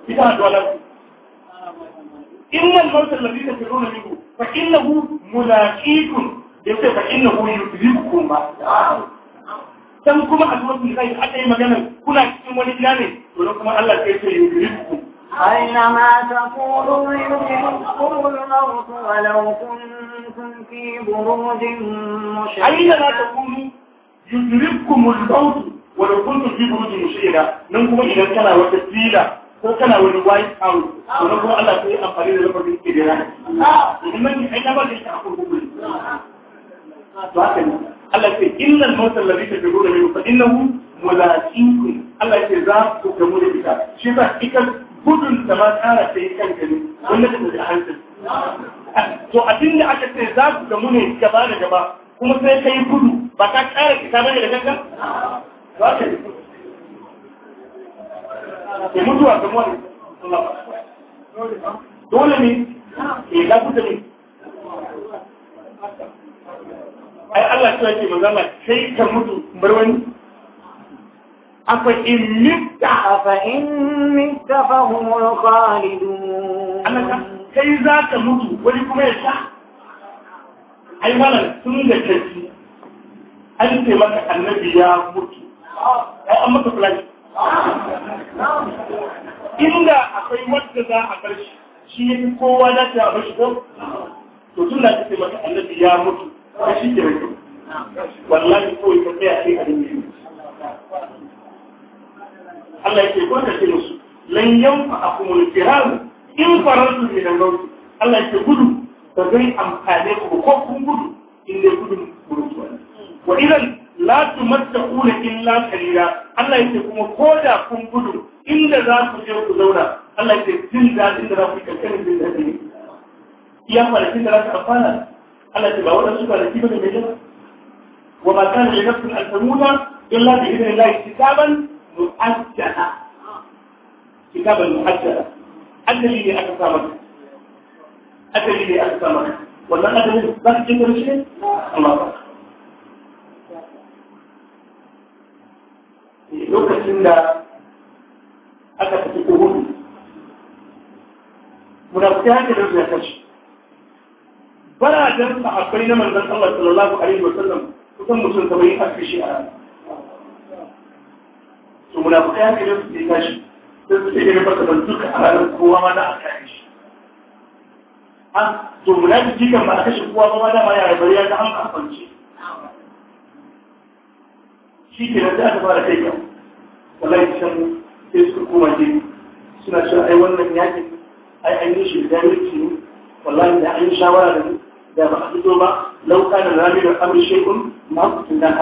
C: da da
B: إن الموت الذي تفرون منه فإنه ملاقيكم يقول فإنه يكذبكم dan kuma a zuwa sun kai aka yi magana kuna cikin wani gida ne to kuma Allah sai ku أينما
A: تكونوا يدرككم الموت ولو كنتم في بروج مشيدة أينما
B: تكونوا يدرككم الموت ولو كنتم في بروج مشيدة ننكم إذا كان وتسليلا ko kana wani white house wani kuma Allah sai amfani da lafafin ke da rana. Muhimmanci ai na ba da shi a kurkuku. To haka ne. Allah sai illal mawtal ladhi tajru da minhu fa innahu mulaqikum. Allah sai za ku gamu da ita. Shi ba ita gudun ta ma kara sai kanka ne. Wannan da hankali. to abin da aka ce za ku gamu ne gaba da gaba kuma sai ka yi gudu ba ka ƙara fita bane da kanka za ka yi gudu ke mutuwa ga mawani dole ne ke lafuta ne ai Allah ya ke magana sai ka mutu bar wani afa in mita A
A: in mita fa hum khalidun
B: Allah kai za ka mutu wani kuma ya sha ai mana tun da kaji an ce maka annabi ya mutu ai an maka fulani inda akwai wadda za a bar shi shi ne kowa za ta bar shi ko to tun da kace maka annabi ya mutu ai shi ke rage wallahi ko ka tsaya sai a dinga Allah yake ko ta ce musu lan yanfa akumul firaru in faransu ne da gausu Allah ke gudu ba zai amfane ku ko kun gudu in dai gudun wa idan la tumatta'una illa qalila Allah ke kuma ko da kun gudu inda za ku je ku zauna Allah yake jin dadin da za ku da jin dadin ya kwanakin da za ku amfana Allah ke ba su kwanaki ba da mai jama wa ma kana li nafsin an tamuta illa bi idnillahi kitaban mu'ajjala kitaban mu'ajjala ajali ne aka sa maka ajali ne aka sa maka wannan ajalin za ka je karshe Allah ba lokacin da aka tafi uhud munafikai haka da zuwa kashi baradan sahabbai na manzon Allah sallallahu alaihi wa sallam kusan mutum 70 a kashi a rana to munafikai haka da zuwa kashi da suke yi duka kowa ma aka yi shi ah, kan ba a kashe kowa ba ma da ma yara bari ya ga an kafanci shi ke nan aka fara kai kan wallahi san sai suka koma je suna cewa ai wannan yakin ai an yi shi da mulki ne wallahi da an shawara da da ba a fito ba lauka da rami da amur shekun ma kuntun dan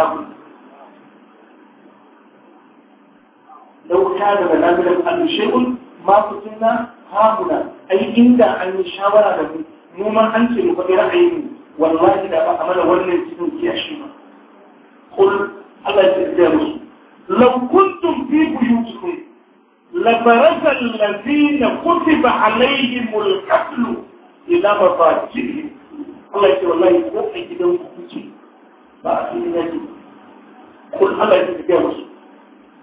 B: dauka da balagunan alushe'un ma ku tuna hakuna ai inda an yi shawara da ku noma an ce mu faɗi ra'ayin wallahi da ba a mana wannan cikin kiya ba kul Allah ya tsaya musu law kuntum fi buyutikum la baraza allazina kutiba alaihimul qatl ila mafatihim Allah ya ce wallahi ko a gidan ku ba a cikin yaji kul Allah ya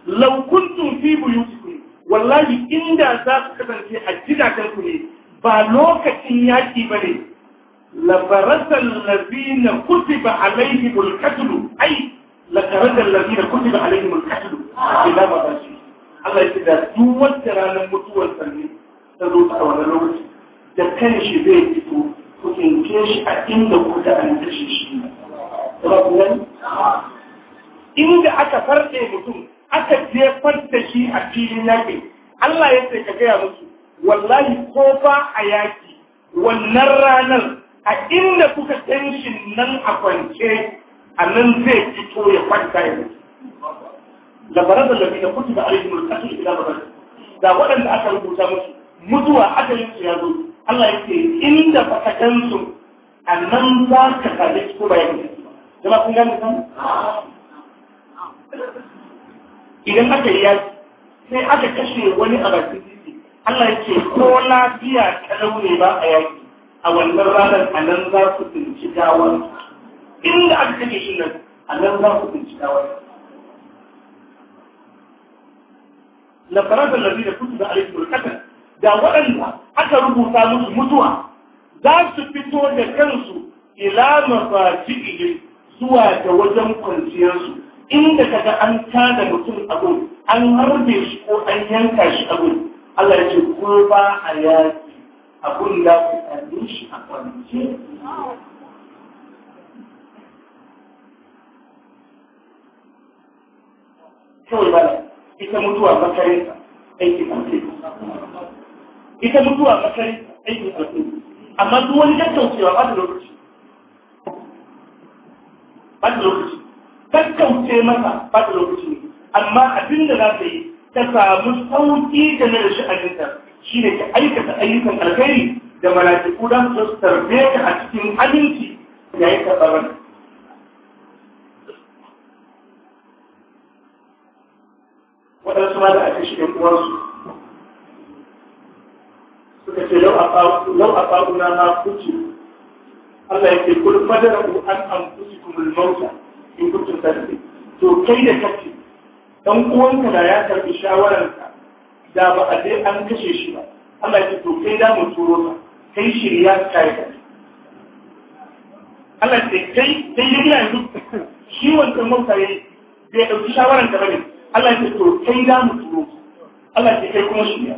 B: Laukun kuntum fi buyutikum wallahi inda za ku kasance a gidajen ku ne ba lokacin yaki bane la barasa allazina kutiba alaihim alqatl ai la karata allazina kutiba alaihim alqatl ila ma bashi Allah ya ce da duk wata ranar mutuwar sanne ta zo ta wannan lokaci da kan shi zai fito ku tsinke shi a inda kuka an kashe shi ne. Inda aka farɗe mutum aka jefar da shi a filin yaƙi Allah ya ce ka gaya musu wallahi ko ba a yaƙi wannan ranar a inda kuka tenshin nan a kwance a nan zai fito ya kwanta ya mutu labaran da labi da kutu da aljihun kasu ila labaran da waɗanda aka rubuta musu mutuwa yi su ya zo Allah ya ce inda baka gansu a nan za ka same su ko bayan mutu. Jama'a kun gane kan? idan aka yi yaki sai aka kashe wani a bakin titi Allah ya ce ko lafiya kalau ne ba a yaki a wannan ranar a nan za su tunci gawar inda aka kashe shi nan a nan za su tunci gawar na faratar lafi da kutu da alaikul katar da waɗanda aka rubuta musu mutuwa za su fito da kansu ila mafaji'ihim zuwa da wajen kwanciyarsu inda kaga an tada mutum abun an harbe shi ko an yanka shi abun Allah ya ce ko ba a yaki abun gun ya ku same shi a kwance kawai ba ita mutuwa makarinta aiki alheri ita mutuwa makarinta aiki alheri amma duk wani jattaucewa ba da lokaci ba da lokaci kakkauce masa ba da lokaci ne amma abin da za ta yi ta samu sauƙi da na rashin abinta shi ne ta aikata ayyukan alkhairi da mala'iku za su tarbe ta a cikin aminci Ya yi wannan waɗansu ma da ake shi ɗan uwansu suka ce lau a fa'una na kuce Allah ya ce kul ku an an kusi kumul mauta in kuntum to kai da kace dan uwanka da ya karbi shawararka da ba a je an kashe shi ba Allah ya to kai da mu turo ka kai shirya kai ka Allah ya kai kai ya yanzu shi wancan wannan mutane bai dauki shawararka ba ne Allah ya to kai da mu turo Allah ya kai kuma shirya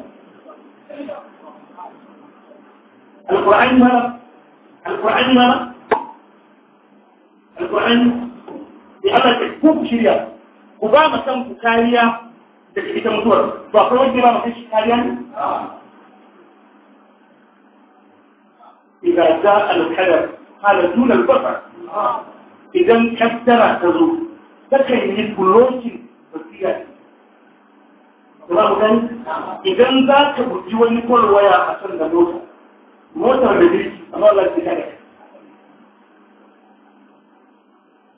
B: al القرآن ما القرآن ما القرآن sai Allah ya ku ku shirya ku ba mu san ku kariya daga ita mutuwar to akwai wanda ba mu shi kariya ne إذا جاء الحذر قال دون البصر إذا كدر تزور لكن يقولون وسيلة idan za ka guji wani kwalwaya a can da mota motar da jirgi amma Allah ya kare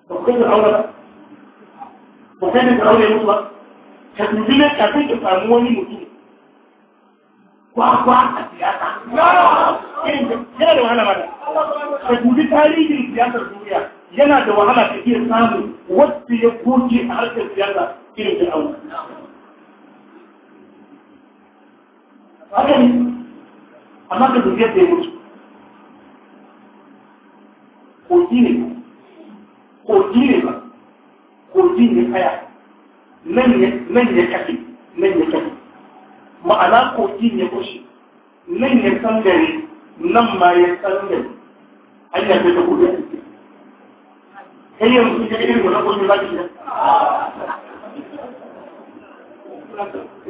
B: bakwai da aure ba da aure mutu ba ka tunzi ne ka sai ka samu wani mutum kwakwa a siyasa yana da wahala ta ka dubi tarihin siyasar duniya yana da wahala ka iya samun wacce ya goge a harkar siyasa irin da aure haka ne amma ka dubi yadda ya mutu ko ne kogi ne ba kogi ne haya nan ya kafe nan ya kafe ma'ana kogi ne kushe nan ya san gari nan ma ya san gari an ya fi da kudi a cikin kai yanzu ya irin wani kushe za ki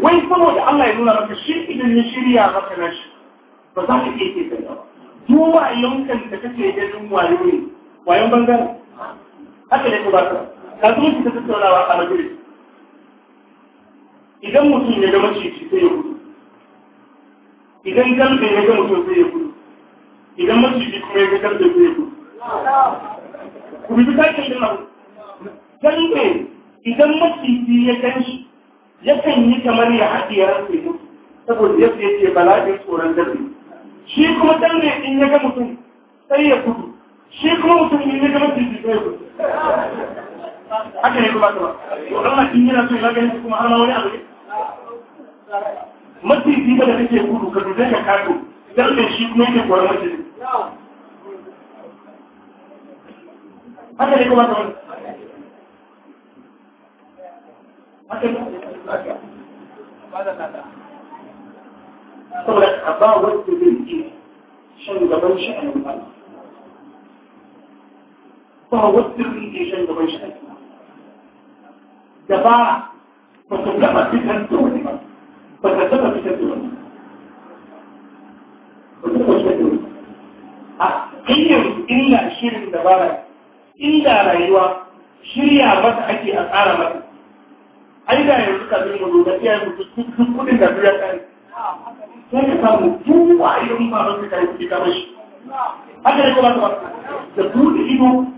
B: wai saboda Allah ya nuna maka shi idan ya shirya maka na shi ba za ka iya ke sanya ba. Duwa yankan da kake ganin wayo ne, wayon bangaren. haka ne ba ka zo ki ta tattaunawa a majalis idan mutum ya ga maciji sai ya gudu idan galbe ya ga mutum sai ya gudu idan maciji kuma ya ga galbe sai ya gudu ku bi takin din nan galbe idan maciji ya gan shi yakan yi kamar ya haɗe ya rantse mutu saboda yadda yake bala'in tsoron galbe shi kuma galbe in ya ga mutum sai ya gudu shi kuma mutum in ya ga maciji sai ya gudu haka ne kuma kuma to amma kin yana so ga ganin kuma har ma wani abu ne maciji da kake gudu ka dube ka kato dan da shi kuma yake kwara maciji
C: haka ne kuma kuma haka ne
B: saboda a ba wasu zai ce shan gaban shi a yanzu فهو السيريزيشن دوميشن جماعة فتبلغ بتنسوني فتنسوني بتنسوني ilimin illa shirin da bara illa rayuwa shirya mata ake a tsara mata ai da yanzu ka zai mu da iya mu duk kudin da duniya kai sai ka samu duk wayoyin ba su kai kudi kamar shi haka ne kuma da duk ido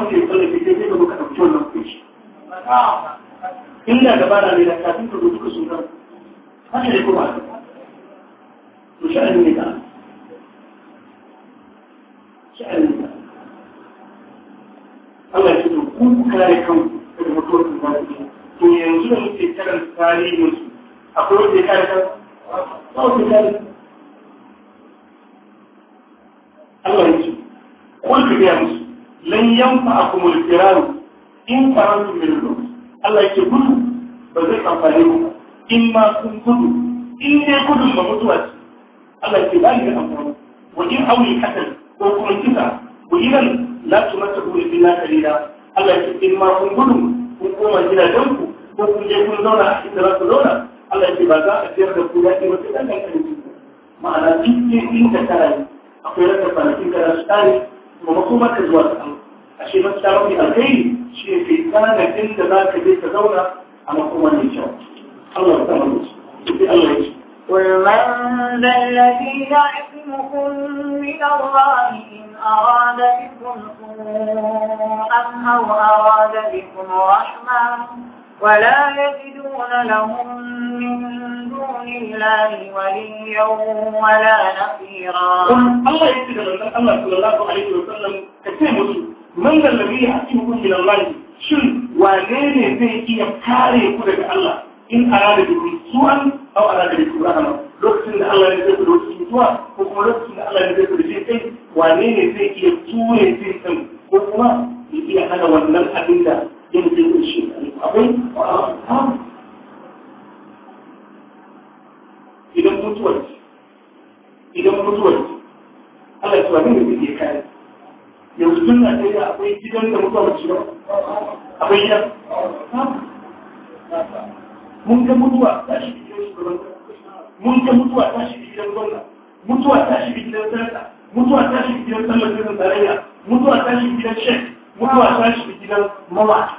B: wanda ya tsare fice lan a kuma firar in farantum min al Allah yake gudu ba zai amfani ku in ma kun gudu in ne gudu ba mutuwa ce Allah yake ba ni da amfani wa in awi katal ko kuma kisa ku idan la tumattu illa qalila Allah yake in ma kun gudu kun koma gidajen ku ko kun je kun zauna a cikin za ku zauna Allah yake ba za a tiyar da ku daɗi wata ɗan ɗan ma'ana cikin inda karayi akwai rasa kwanakin karashi tare kuma kuma ka zuwa da Allah ashe mafita mafi alkhairi shi ne kai kana inda za ka je ka zauna a makoma mai kyau Allah ya sama musu sai Allah ya ce قل
C: من
A: ذا الذي يعصمكم من الله إن أراد بكم سوءا أو أراد بكم رحمة ولا يجدون لهم من دون الله وليا ولا نصيرا
B: الله يجد الله صلى الله عليه وسلم كثير من الذي يحكمكم إلى الله شن وانين زي يكاري كل الله إن أراد بكم سوءا أو أراد بكم رحمة لوكسن الله يزيد لوكسن سوء وكما لوكسن الله يزيد لوكسن وانين زي يتوه زي سم وكما يجي هذا ونال أبدا يمكن idan mutuwar idan mutuwar Allah tuwa ne da kuke kare yanzu tun na sai akwai gidan da mutuwar ba akwai gidan mun ga mutuwa ta shi gidan shugaban mun ga mutuwa ta shi gidan gwamna mutuwa ta shi gidan sarka mutuwa ta shi gidan sallar gidan tarayya mutuwa ta shi gidan shek mutuwa ta shi gidan mawaki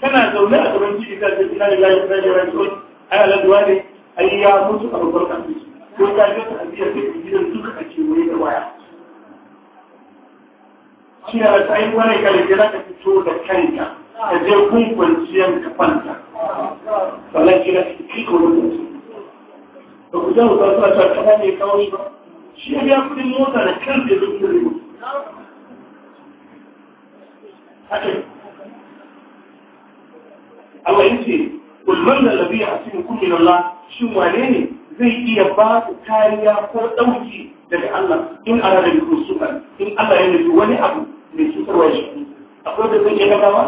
B: kana zaune a gaban ciki ka ce ina lillahi ina ilaihi raji'un ai aladuwa ne ai ya mutu a babban asibiti ko ka je ta ajiya ta gidan duka a kewaye da waya shi ne a tsayin wani kalli za ka fito da kanka ka je kun kwanciyar ka kwanta wannan shi ne shi ko lokaci ba ku jan wasu a cewa kana ne kawo shi ba shi ne ya kudin mota da kan da zuwa da yau Allah ya ce kulman da labi a cikin kumin Allah shi wane ne zai iya ba su kariya ko ɗauki daga Allah in ana da bikin suka in Allah ya nufi wani abu mai cutarwa shi akwai da zai iya gagawa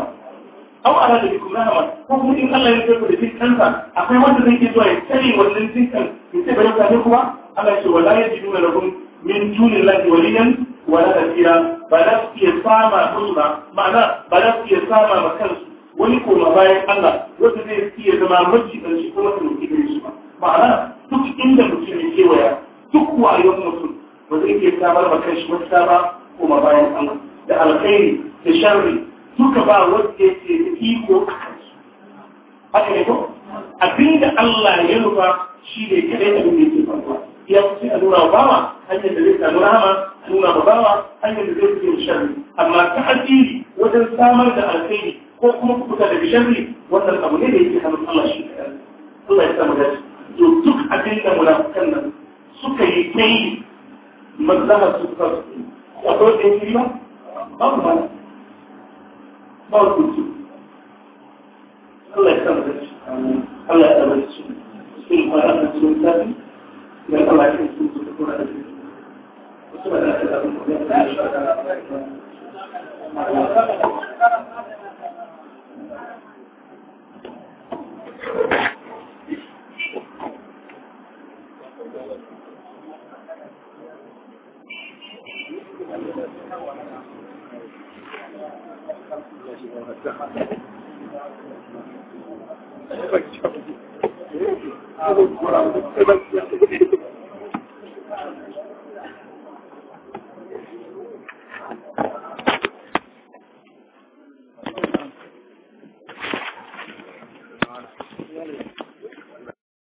B: aw ana da bikin rahama ko kuma in Allah ya nufi ku da jikansa akwai wanda zai iya zuwa ya tsare wannan jikan ya ce bari mutane kuma Allah ya ce wala nuna lahum min dunillahi waliyan wala da nasira ba za su iya sama musu ba ma'ana ba za su iya sama zama mafi ƙarshe kuma mutu da shi ba ma'ana duk inda mutum ya kewaya duk wayon mutum ba zai iya samar da kanshi wata ba ma bayan an da alkhairi da sharri duka ba wanda yake da iko a kansu haka ne ko abinda Allah ya rufa shi ne kadai da mutum